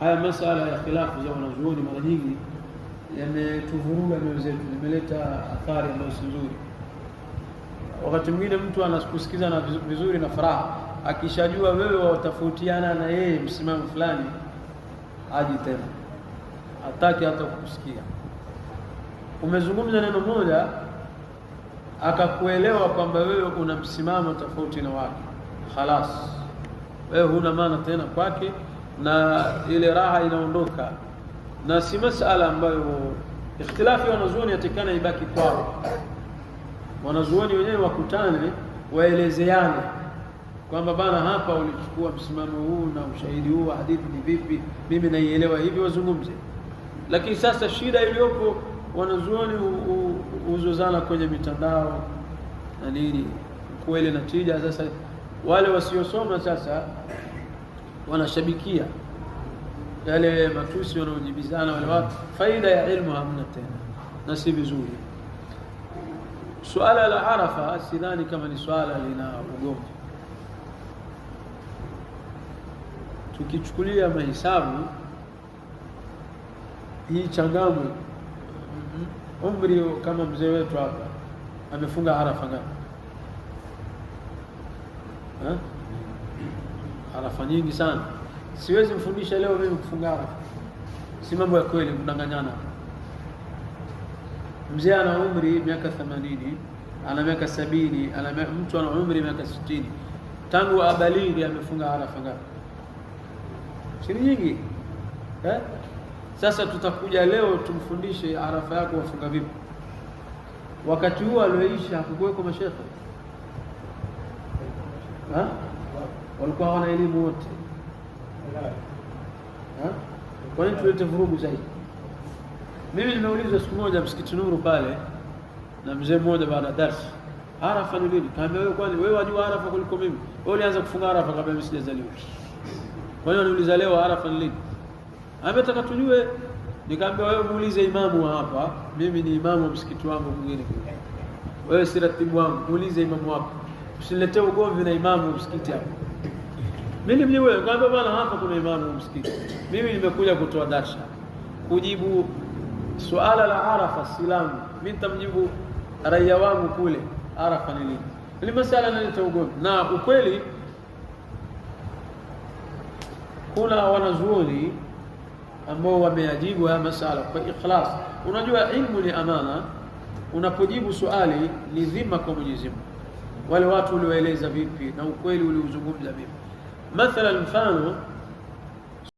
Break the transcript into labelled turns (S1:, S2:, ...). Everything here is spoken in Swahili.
S1: Haya masala ya khilafu za wanazuoni mara nyingi yametuvuruga mioyo zetu, yameleta athari ambayo si nzuri. Wakati mwingine mtu anakusikiza na vizuri na furaha, akishajua wewe watofautiana na yeye msimamo fulani, aji tena, hataki hata kukusikia. Umezungumza neno moja akakuelewa kwamba wewe una msimamo tofauti na wake, khalas, wewe huna maana tena kwake na ile raha inaondoka, na si masala ambayo ikhtilafi wanazuoni yatakana ibaki kwao. Wanazuoni wenyewe wakutane, waelezeane kwamba bana, hapa ulichukua msimamo huu na ushahidi huu wa hadithi ni vipi, mimi naielewa hivi, wazungumze. Lakini sasa shida iliyopo wanazuoni huzozana kwenye mitandao na nini, kuele natija sasa wale wasiosoma sasa wanashabikia yale matusi wanaojibizana wale watu, faida ya ilmu hamna tena, na si vizuri. Suala la Arafa sidhani kama ni swala lina ugomvi. Tukichukulia mahesabu hii Changamwe, umri kama mzee wetu hapa amefunga Arafa ngapi? arafa nyingi sana. Siwezi mfundisha leo mimi kufunga arafa, si mambo ya kweli, kudanganyana Mzee ana umri miaka 80 ana miaka sabini, ana mtu ana umri miaka sitini, tangu abaligi amefunga arafa ngapi? Siri nyingi eh? Sasa tutakuja leo tumfundishe arafa yako wafunga vipi? Wakati huo alioishi hakukuweko mashekhe ha? walikuwa hawana elimu wote. Kwa nini tulete vurugu zaidi? Mimi nimeulizwa siku moja msikiti Nuru pale na mzee mmoja baada darsi, arafa ni lini? Kaambia wewe, kwani wewe wajua arafa kuliko mimi? Wewe ulianza kufunga arafa kabla mimi sijazaliwa. Kwa hiyo niuliza leo arafa ni lini? Ametaka tujue. Nikaambia wewe muulize imamu wa hapa, mimi ni imamu wa msikiti wangu mwingine. Wewe si ratibu wangu, muulize imamu wako. Usiniletee ugomvi na imamu wa msikiti hapa mimi mjibu kaambia bwana, hapa kuna imamu msikiti, mimi nimekuja kutoa darsha kujibu suala la Arafa silamu. Mimi nitamjibu raia wangu kule Arafa nini ili masala naleta ugomvi, na ukweli kuna wanazuoni ambao wameyajibu haya masala kwa ikhlas. Unajua, ilmu ni amana. Unapojibu suali ni dhima kwa Mwenyezi Mungu. Wale watu uliwaeleza vipi na ukweli uliuzungumza vipi? مثلا فانو